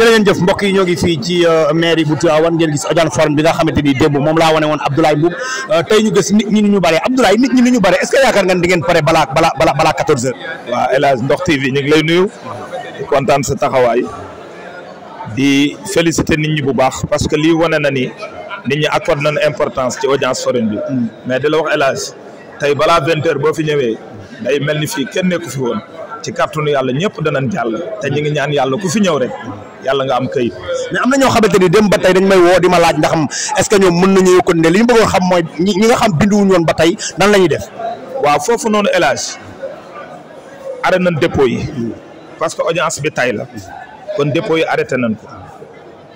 jërë ngeen jëf mbokk yi ñoo ngi fii ci euh, mairie bu Tivaouane ngeen gis ojan forme bi nga xamante ni démb moom laa wane woon Abdoulaye Mboub euh, tey ñu gis nit ñu bare Abdoulaye nit ñi ni ñu bare est-ce que yaakaar nga di ngeen pare balaa balaa balaa balaa 14 heures. waaw El Hadj Ndokh TV ñu lay nuyu kontaan sa taxawaay di féliciter nit ñi bu baax parce que lii wane na ni nit ñi na nañu importance ci audience foraine bi. Mm. mais di la wax El tey balaa 20 boo fi ñëwee day mel ni fii kenn nekku fi woon. ci kàttanu yàlla ñëpp danañ jàll te ñi ngi ñaan yàlla ku fi ñëw rek yàlla nga am këyit. mais am na ñoo xamante ni dem ba tey dañ may woo di ma laaj ndax est-ce que ñoom mën nañu ko ne li ñu bëggoon xam mooy ñi nga xam binduwuñu woon ba tey nan la ñuy def. waaw foofu noonu élage arrêté nañ dépôt yi parce que audience bi tay la kon dépôt yi arrêté nañ ko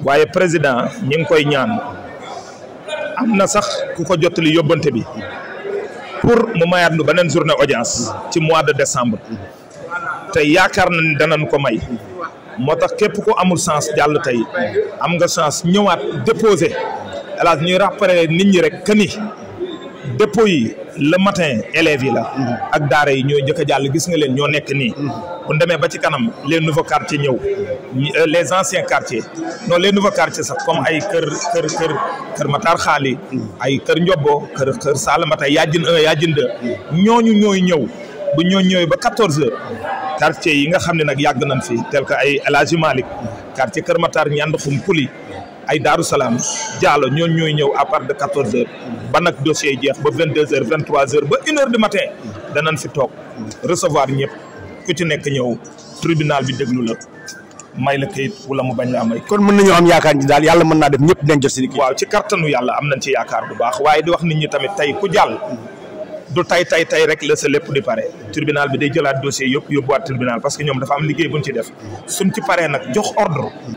waaye président ñi ngi koy ñaan am na sax ku ko jottali yóbbante bi pour mu mayaat nu beneen journée audience ci mois de décembre. tey yaakaar na ni danañ ko may moo tax képp ku amul chance jàll tey am nga chance ñëwaat déposé hélas ñuy rappeler nit ñi rek que ni dépôt yi le matin élèves yi la ak daara yi ñoo njëkk jàll gis nga leen ñoo nekk ni bu ba ci kanam les nouveaux quartiers ñëw euh, les anciens quartiers non les nouveaux quartiers sax comme ay kër kër kër Xaali ay kër Ndiobo kër kër Saalum Mata Yajin un Yajin deux ñooñu ñooy ñëw bu ñoo ñëwee ba quatorze heures quartier yi nga xam ne nag yàgg nañ fi tel que ay El Hadj Malick quartier Kër Matar ñand xum Kuli ay Daaru Salaam Diallo ñoon ñooy ñëw à part de quatorze ba nag dossier yi jeex ba vingt deux heures vingt trois heures ba une heure du matin danañ fi toog recevoir ñëpp ku nekk ñëw tribunal bi déglu la may la kayit wala mu bañ laa may. kon mën nañoo am yaakaar daal yàlla mën naa def ñëpp dinañ jot seen kii. waaw ci kattanu yàlla am na ci yaakaar bu baax waaye di wax nit ñi tamit tey ku jàll. du tay tay tay rek la sa lépp di pare tribunal bi day jëlaat dossier yëpp yóbbuwaat tribunal parce que ñoom dafa am liggéey buñ ci def suñ ci paree nag jox ordre